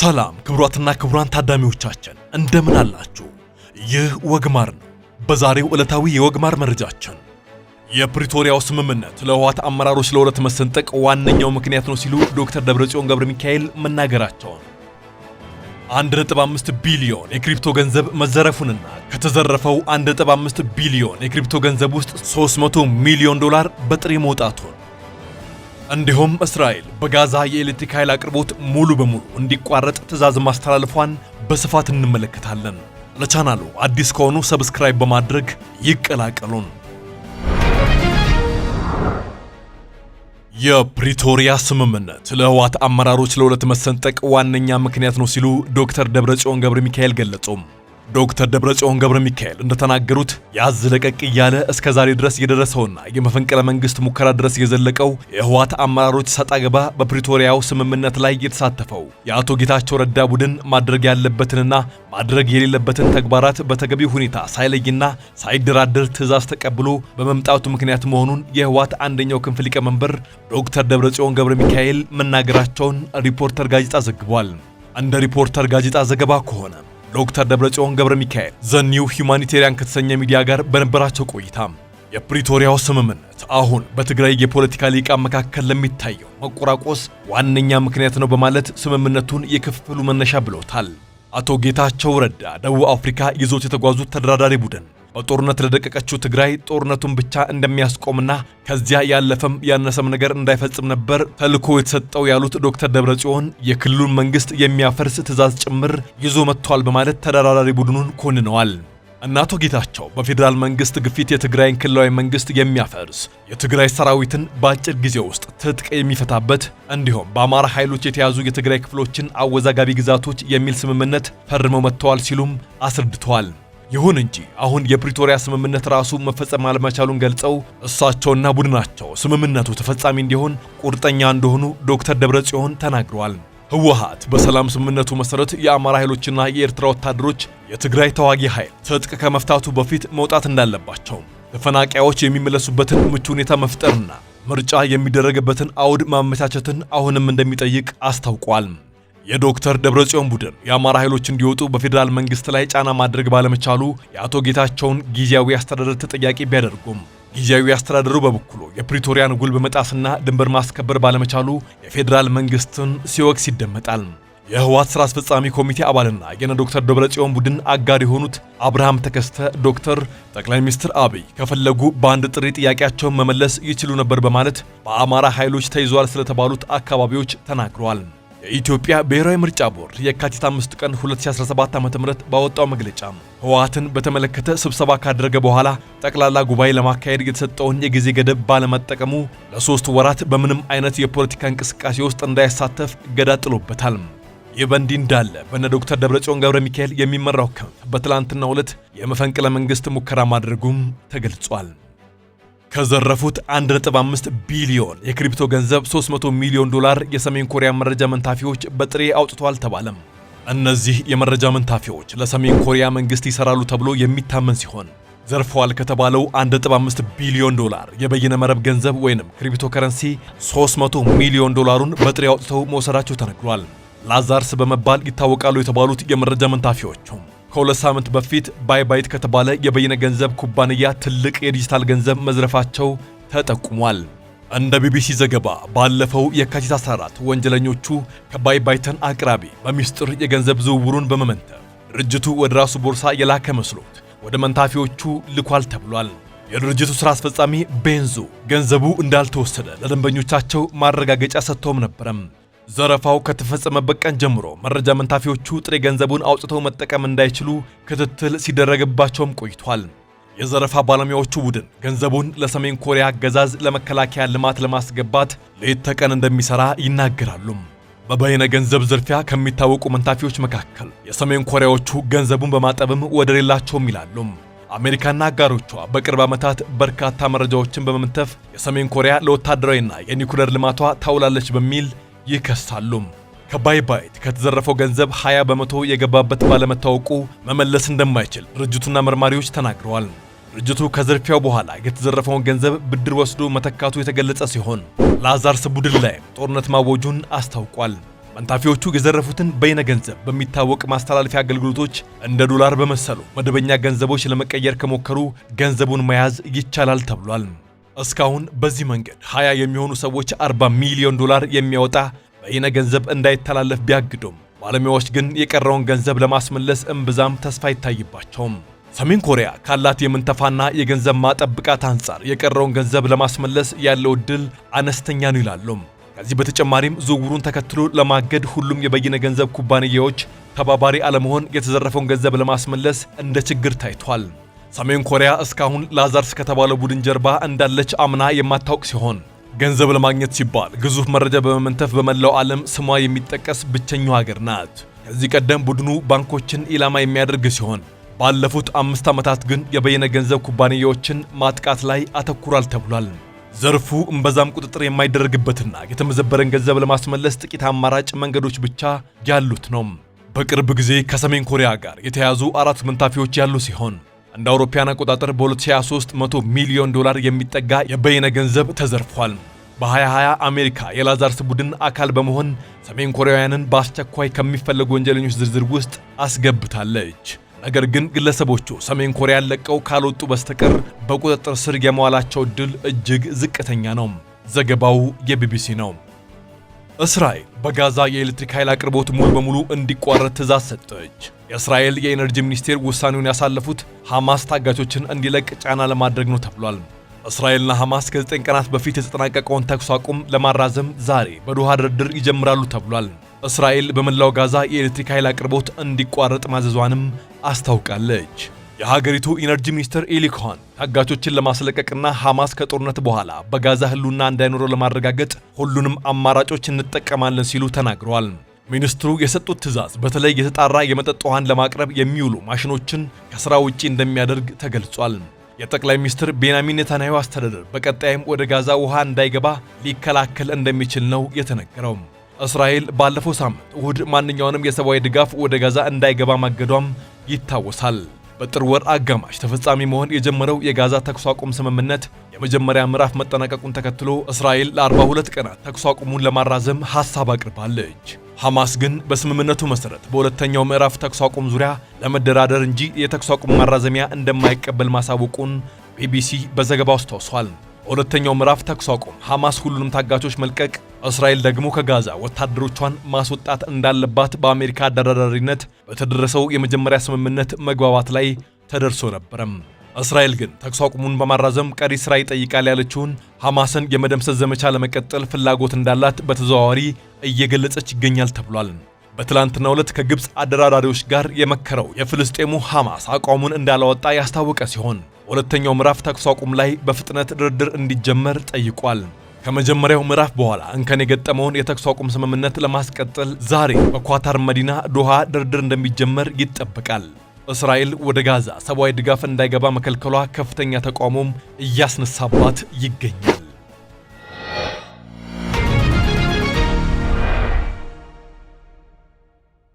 ሰላም ክቡራትና ክቡራን ታዳሚዎቻችን እንደምን አላችሁ? ይህ ወግማር ነው። በዛሬው ዕለታዊ የወግማር መረጃችን የፕሪቶሪያው ስምምነት ለህወሓት አመራሮች ለሁለት መሰንጠቅ ዋነኛው ምክንያት ነው ሲሉ ዶክተር ደብረጽዮን ገብረ ሚካኤል መናገራቸውን፣ 1.5 ቢሊዮን የክሪፕቶ ገንዘብ መዘረፉንና ከተዘረፈው 1.5 ቢሊዮን የክሪፕቶ ገንዘብ ውስጥ 300 ሚሊዮን ዶላር በጥሬ መውጣቱን እንዲሁም እስራኤል በጋዛ የኤሌክትሪክ ኃይል አቅርቦት ሙሉ በሙሉ እንዲቋረጥ ትዕዛዝ ማስተላለፏን በስፋት እንመለከታለን። ለቻናሉ አዲስ ከሆኑ ሰብስክራይብ በማድረግ ይቀላቀሉን። የፕሪቶሪያ ስምምነት ለህወሓት አመራሮች ለሁለት መሰንጠቅ ዋነኛ ምክንያት ነው ሲሉ ዶክተር ደብረጽዮን ገብረ ሚካኤል ገለጹም። ዶክተር ደብረጽዮን ገብረ ሚካኤል እንደተናገሩት ያዝ ለቀቅ እያለ እስከ ዛሬ ድረስ የደረሰውና የመፈንቅለ መንግስት ሙከራ ድረስ የዘለቀው የህወሓት አመራሮች ሰጣ ገባ በፕሪቶሪያው ስምምነት ላይ የተሳተፈው የአቶ ጌታቸው ረዳ ቡድን ማድረግ ያለበትንና ማድረግ የሌለበትን ተግባራት በተገቢ ሁኔታ ሳይለይና ሳይደራደር ትዛዝ ተቀብሎ በመምጣቱ ምክንያት መሆኑን የህወሓት አንደኛው ክንፍ ሊቀመንበር ዶክተር ደብረጽዮን ገብረ ሚካኤል መናገራቸውን ሪፖርተር ጋዜጣ ዘግቧል። እንደ ሪፖርተር ጋዜጣ ዘገባ ከሆነ ዶክተር ደብረጽዮን ገብረ ሚካኤል ዘኒው ሁማኒቴሪያን ከተሰኘ ሚዲያ ጋር በነበራቸው ቆይታ የፕሪቶሪያው ስምምነት አሁን በትግራይ የፖለቲካ ሊቃ መካከል ለሚታየው መቆራቆስ ዋነኛ ምክንያት ነው በማለት ስምምነቱን የክፍፍሉ መነሻ ብለውታል። አቶ ጌታቸው ረዳ ደቡብ አፍሪካ ይዞት የተጓዙት ተደራዳሪ ቡድን በጦርነት ለደቀቀችው ትግራይ ጦርነቱን ብቻ እንደሚያስቆምና ከዚያ ያለፈም ያነሰም ነገር እንዳይፈጽም ነበር ተልዕኮ የተሰጠው ያሉት ዶክተር ደብረጽዮን የክልሉን መንግስት የሚያፈርስ ትዕዛዝ ጭምር ይዞ መጥቷል በማለት ተደራዳሪ ቡድኑን ኮንነዋል። እና አቶ ጌታቸው በፌዴራል መንግስት ግፊት የትግራይን ክልላዊ መንግስት የሚያፈርስ የትግራይ ሰራዊትን በአጭር ጊዜ ውስጥ ትጥቅ የሚፈታበት እንዲሁም በአማራ ኃይሎች የተያዙ የትግራይ ክፍሎችን አወዛጋቢ ግዛቶች የሚል ስምምነት ፈርመው መጥተዋል ሲሉም አስረድተዋል። ይሁን እንጂ አሁን የፕሪቶሪያ ስምምነት ራሱ መፈጸም አለመቻሉን ገልጸው እሳቸውና ቡድናቸው ስምምነቱ ተፈጻሚ እንዲሆን ቁርጠኛ እንደሆኑ ዶክተር ደብረጽዮን ተናግረዋል። ህወሓት በሰላም ስምምነቱ መሰረት የአማራ ኃይሎችና የኤርትራ ወታደሮች የትግራይ ተዋጊ ኃይል ትጥቅ ከመፍታቱ በፊት መውጣት እንዳለባቸው፣ ተፈናቃዮች የሚመለሱበትን ምቹ ሁኔታ መፍጠርና ምርጫ የሚደረግበትን አውድ ማመቻቸትን አሁንም እንደሚጠይቅ አስታውቋል። የዶክተር ደብረጽዮን ቡድን የአማራ ኃይሎች እንዲወጡ በፌዴራል መንግስት ላይ ጫና ማድረግ ባለመቻሉ የአቶ ጌታቸውን ጊዜያዊ አስተዳደር ተጠያቂ ቢያደርጉም ጊዜያዊ አስተዳደሩ በበኩሉ የፕሪቶሪያን ውል በመጣስና ድንበር ማስከበር ባለመቻሉ የፌዴራል መንግስትን ሲወቅስ ይደመጣል። የህወሓት ስራ አስፈጻሚ ኮሚቴ አባልና የነ ዶክተር ደብረጽዮን ቡድን አጋር የሆኑት አብርሃም ተከስተ ዶክተር ጠቅላይ ሚኒስትር አብይ ከፈለጉ በአንድ ጥሪ ጥያቄያቸውን መመለስ ይችሉ ነበር በማለት በአማራ ኃይሎች ተይዟል ስለተባሉት አካባቢዎች ተናግረዋል። የኢትዮጵያ ብሔራዊ ምርጫ ቦርድ የካቲት 5 ቀን 2017 ዓ.ም ባወጣው መግለጫ ህወሓትን በተመለከተ ስብሰባ ካደረገ በኋላ ጠቅላላ ጉባኤ ለማካሄድ የተሰጠውን የጊዜ ገደብ ባለመጠቀሙ ለሶስት ወራት በምንም አይነት የፖለቲካ እንቅስቃሴ ውስጥ እንዳይሳተፍ እገዳ ጥሎበታል። ይህ በእንዲህ እንዳለ በነ ዶክተር ደብረጽዮን ገብረ ሚካኤል የሚመራው ክንፍ በትላንትናው ዕለት የመፈንቅለ መንግስት ሙከራ ማድረጉም ተገልጿል። ከዘረፉት 1.5 ቢሊዮን የክሪፕቶ ገንዘብ 300 ሚሊዮን ዶላር የሰሜን ኮሪያ መረጃ መንታፊዎች በጥሬ አውጥተዋል ተባለም። እነዚህ የመረጃ መንታፊዎች ለሰሜን ኮሪያ መንግስት ይሰራሉ ተብሎ የሚታመን ሲሆን ዘርፈዋል ከተባለው 1.5 ቢሊዮን ዶላር የበይነ መረብ ገንዘብ ወይንም ክሪፕቶ ከረንሲ 300 ሚሊዮን ዶላሩን በጥሬ አውጥተው መውሰዳቸው ተነግሯል። ላዛርስ በመባል ይታወቃሉ የተባሉት የመረጃ መንታፊዎቹም ከሁለት ሳምንት በፊት ባይባይት ከተባለ የበይነ ገንዘብ ኩባንያ ትልቅ የዲጂታል ገንዘብ መዝረፋቸው ተጠቁሟል። እንደ ቢቢሲ ዘገባ ባለፈው የካቲት 14 ወንጀለኞቹ ከባይባይተን አቅራቢ በሚስጥር የገንዘብ ዝውውሩን በመመንተብ ድርጅቱ ወደ ራሱ ቦርሳ የላከ መስሎት ወደ መንታፊዎቹ ልኳል ተብሏል። የድርጅቱ ሥራ አስፈጻሚ ቤንዞ ገንዘቡ እንዳልተወሰደ ለደንበኞቻቸው ማረጋገጫ ሰጥተውም ነበረም። ዘረፋው ከተፈጸመበት ቀን ጀምሮ መረጃ መንታፊዎቹ ጥሬ ገንዘቡን አውጥተው መጠቀም እንዳይችሉ ክትትል ሲደረግባቸውም ቆይቷል። የዘረፋ ባለሙያዎቹ ቡድን ገንዘቡን ለሰሜን ኮሪያ አገዛዝ ለመከላከያ ልማት ለማስገባት ሌት ተቀን እንደሚሰራ ይናገራሉ። በበይነ ገንዘብ ዝርፊያ ከሚታወቁ መንታፊዎች መካከል የሰሜን ኮሪያዎቹ ገንዘቡን በማጠብም ወደር የላቸውም ይላሉ። አሜሪካና አጋሮቿ በቅርብ ዓመታት በርካታ መረጃዎችን በመምተፍ የሰሜን ኮሪያ ለወታደራዊና የኒኩለር ልማቷ ታውላለች በሚል ይከሳሉ። ከባይባይት ከተዘረፈው ገንዘብ 20 በመቶ የገባበት ባለመታወቁ መመለስ እንደማይችል ድርጅቱና መርማሪዎች ተናግረዋል። ድርጅቱ ከዝርፊያው በኋላ የተዘረፈውን ገንዘብ ብድር ወስዶ መተካቱ የተገለጸ ሲሆን ላዛርስ ቡድን ላይ ጦርነት ማወጁን አስታውቋል። መንታፊዎቹ የዘረፉትን በይነ ገንዘብ በሚታወቅ ማስተላለፊያ አገልግሎቶች እንደ ዶላር በመሰሉ መደበኛ ገንዘቦች ለመቀየር ከሞከሩ ገንዘቡን መያዝ ይቻላል ተብሏል። እስካሁን በዚህ መንገድ 20 የሚሆኑ ሰዎች 40 ሚሊዮን ዶላር የሚያወጣ በይነ ገንዘብ እንዳይተላለፍ ቢያግዱም ባለሙያዎች ግን የቀረውን ገንዘብ ለማስመለስ እምብዛም ተስፋ አይታይባቸውም። ሰሜን ኮሪያ ካላት የምንተፋና የገንዘብ ማጠብ ብቃት አንጻር የቀረውን ገንዘብ ለማስመለስ ያለው ድል አነስተኛ ነው ይላሉ። ከዚህ በተጨማሪም ዝውውሩን ተከትሎ ለማገድ ሁሉም የበይነ ገንዘብ ኩባንያዎች ተባባሪ አለመሆን የተዘረፈውን ገንዘብ ለማስመለስ እንደ ችግር ታይቷል። ሰሜን ኮሪያ እስካሁን ላዛርስ ከተባለ ቡድን ጀርባ እንዳለች አምና የማታውቅ ሲሆን ገንዘብ ለማግኘት ሲባል ግዙፍ መረጃ በመመንተፍ በመላው ዓለም ስሟ የሚጠቀስ ብቸኛው ሀገር ናት። ከዚህ ቀደም ቡድኑ ባንኮችን ኢላማ የሚያደርግ ሲሆን ባለፉት አምስት ዓመታት ግን የበይነ ገንዘብ ኩባንያዎችን ማጥቃት ላይ አተኩሯል ተብሏል። ዘርፉ እምበዛም ቁጥጥር የማይደረግበትና የተመዘበረን ገንዘብ ለማስመለስ ጥቂት አማራጭ መንገዶች ብቻ ያሉት ነው። በቅርብ ጊዜ ከሰሜን ኮሪያ ጋር የተያዙ አራት መንታፊዎች ያሉ ሲሆን እንደ አውሮፓውያን አቆጣጠር በ2023 100 ሚሊዮን ዶላር የሚጠጋ የበይነ ገንዘብ ተዘርፏል። በ2020 አሜሪካ የላዛርስ ቡድን አካል በመሆን ሰሜን ኮሪያውያንን በአስቸኳይ ከሚፈለጉ ወንጀለኞች ዝርዝር ውስጥ አስገብታለች። ነገር ግን ግለሰቦቹ ሰሜን ኮሪያን ለቀው ካልወጡ በስተቀር በቁጥጥር ስር የመዋላቸው እድል እጅግ ዝቅተኛ ነው። ዘገባው የቢቢሲ ነው። እስራኤል በጋዛ የኤሌክትሪክ ኃይል አቅርቦት ሙሉ በሙሉ እንዲቋረጥ ትዕዛዝ ሰጠች። የእስራኤል የኤነርጂ ሚኒስቴር ውሳኔውን ያሳለፉት ሐማስ ታጋቾችን እንዲለቅ ጫና ለማድረግ ነው ተብሏል። እስራኤልና ሐማስ ከዘጠኝ ቀናት በፊት የተጠናቀቀውን ተኩስ አቁም ለማራዘም ዛሬ በዶሃ ድርድር ይጀምራሉ ተብሏል። እስራኤል በመላው ጋዛ የኤሌክትሪክ ኃይል አቅርቦት እንዲቋረጥ ማዘዟንም አስታውቃለች። የሀገሪቱ ኢነርጂ ሚኒስትር ኤሊ ኮሆን ታጋቾችን ለማስለቀቅና ሐማስ ከጦርነት በኋላ በጋዛ ህልውና እንዳይኖረው ለማረጋገጥ ሁሉንም አማራጮች እንጠቀማለን ሲሉ ተናግረዋል። ሚኒስትሩ የሰጡት ትዕዛዝ በተለይ የተጣራ የመጠጥ ውሃን ለማቅረብ የሚውሉ ማሽኖችን ከሥራ ውጪ እንደሚያደርግ ተገልጿል። የጠቅላይ ሚኒስትር ቤንያሚን ኔታንያሁ አስተዳደር በቀጣይም ወደ ጋዛ ውሃ እንዳይገባ ሊከላከል እንደሚችል ነው የተነገረው። እስራኤል ባለፈው ሳምንት እሁድ ማንኛውንም የሰብአዊ ድጋፍ ወደ ጋዛ እንዳይገባ ማገዷም ይታወሳል። በጥር ወር አጋማሽ ተፈጻሚ መሆን የጀመረው የጋዛ ተኩስ አቁም ስምምነት የመጀመሪያ ምዕራፍ መጠናቀቁን ተከትሎ እስራኤል ለ42 ቀናት ተኩስ አቁሙን ለማራዘም ሐሳብ አቅርባለች። ሐማስ ግን በስምምነቱ መሰረት በሁለተኛው ምዕራፍ ተኩስ አቁም ዙሪያ ለመደራደር እንጂ የተኩስ አቁም ማራዘሚያ እንደማይቀበል ማሳወቁን ቢቢሲ በዘገባው አስታውሷል። ሁለተኛው ምዕራፍ ተኩስ አቁም፣ ሐማስ ሁሉንም ታጋቾች መልቀቅ፣ እስራኤል ደግሞ ከጋዛ ወታደሮቿን ማስወጣት እንዳለባት በአሜሪካ አደራዳሪነት በተደረሰው የመጀመሪያ ስምምነት መግባባት ላይ ተደርሶ ነበረም። እስራኤል ግን ተኩስ አቁሙን በማራዘም ቀሪ ስራ ይጠይቃል ያለችውን ሐማስን የመደምሰስ ዘመቻ ለመቀጠል ፍላጎት እንዳላት በተዘዋዋሪ እየገለጸች ይገኛል ተብሏል። በትላንትና ዕለት ከግብፅ አደራዳሪዎች ጋር የመከረው የፍልስጤሙ ሐማስ አቋሙን እንዳላወጣ ያስታወቀ ሲሆን በሁለተኛው ምዕራፍ ተኩስ አቁም ላይ በፍጥነት ድርድር እንዲጀመር ጠይቋል። ከመጀመሪያው ምዕራፍ በኋላ እንከን የገጠመውን የተኩስ አቁም ስምምነት ለማስቀጠል ዛሬ በኳታር መዲና ዶሃ ድርድር እንደሚጀመር ይጠበቃል። እስራኤል ወደ ጋዛ ሰብአዊ ድጋፍ እንዳይገባ መከልከሏ ከፍተኛ ተቃውሞም እያስነሳባት ይገኛል።